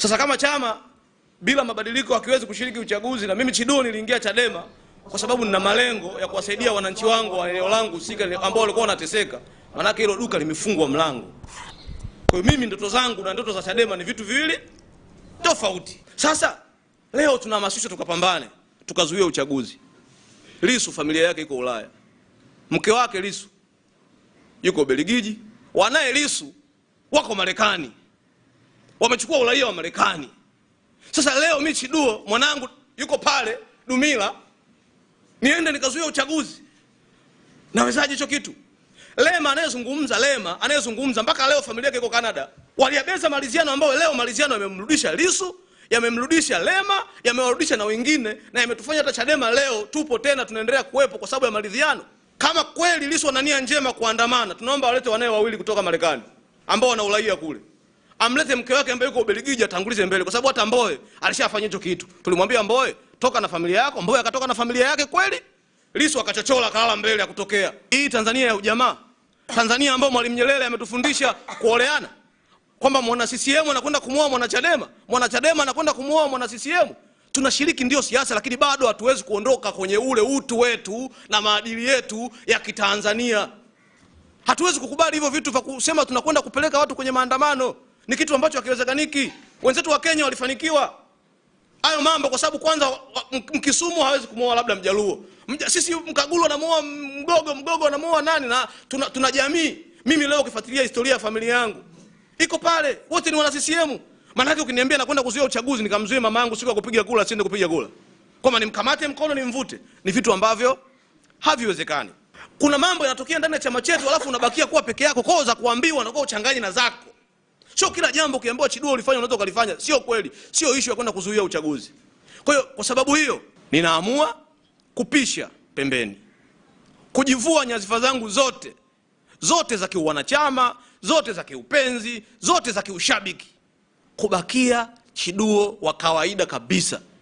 Sasa kama chama bila mabadiliko hakiwezi kushiriki uchaguzi, na mimi Chiduo niliingia Chadema kwa sababu nina malengo ya kuwasaidia wananchi wangu wa eneo langu husika ambao walikuwa wanateseka, maanake hilo duka limefungwa mlango. Kwa hiyo mimi ndoto zangu na ndoto za Chadema ni vitu viwili tofauti. Sasa leo tunahamasisha tukapambane, tukazuia uchaguzi. Lisu familia yake iko Ulaya, mke wake Lisu yuko Beligiji, wanaye Lisu wako Marekani wamechukua uraia wa Marekani. Sasa leo mi Chiduo mwanangu yuko pale Dumila, niende nikazuia uchaguzi, nawezaje hicho kitu? Lema anayezungumza Lema anayezungumza mpaka leo familia yake iko Canada, waliabeza maliziano ambayo leo maliziano yamemrudisha Lisu, yamemrudisha Lema, yamewarudisha na wengine, na yametufanya hata Chadema leo tupo tena, tunaendelea kuwepo kwa sababu ya maliziano Kama kweli Lisu wana nia njema kuandamana, tunaomba walete wanaye wawili kutoka Marekani ambao wana uraia kule amlete mke wake ambaye yuko Ubelgiji atangulize mbele, kwa sababu hata Mbowe alishafanya hicho kitu. Tulimwambia Mbowe, toka na familia yako. Mbowe akatoka na familia yake kweli. Lisu akachochola kalala mbele ya kutokea. Hii Tanzania ya ujamaa, Tanzania ambayo Mwalimu Nyerere ametufundisha kuoleana, kwamba mwana CCM anakwenda kumuoa mwana Chadema, mwana Chadema anakwenda kumuoa mwana CCM. Tunashiriki ndio siasa, lakini bado hatuwezi kuondoka kwenye ule utu wetu na maadili yetu ya Kitanzania. Hatuwezi kukubali hivyo vitu vya kusema tunakwenda kupeleka watu kwenye maandamano ni kitu ambacho hakiwezekaniki. Wenzetu wa Kenya walifanikiwa hayo mambo kwa sababu kwanza, Mkisumu hawezi kumwoa labda Mjaluo, Mja, sisi Mkagulu anamuoa Mgogo, Mgogo anamuoa nani, na tuna, tuna jamii. Mimi leo ukifuatilia historia ya familia yangu iko pale, wote ni wana CCM. Maanake ukiniambia nakwenda kuzuia uchaguzi nikamzuia mama yangu siku ya kupiga kula siende kupiga kula, kwamba nimkamate mkono nimvute, ni vitu ambavyo haviwezekani. Kuna mambo yanatokea ndani ya chama chetu, alafu unabakia kuwa peke yako, koo za kuambiwa na kwa uchanganyi na zako Sio kila jambo ukiambiwa Chiduo ulifanya unaweza ukalifanya, sio kweli, sio ishu ya kwenda kuzuia uchaguzi. Kwa hiyo kwa sababu hiyo ninaamua kupisha pembeni, kujivua nyazifa zangu zote zote za kiuwanachama, zote za kiupenzi, zote za kiushabiki, kubakia Chiduo wa kawaida kabisa.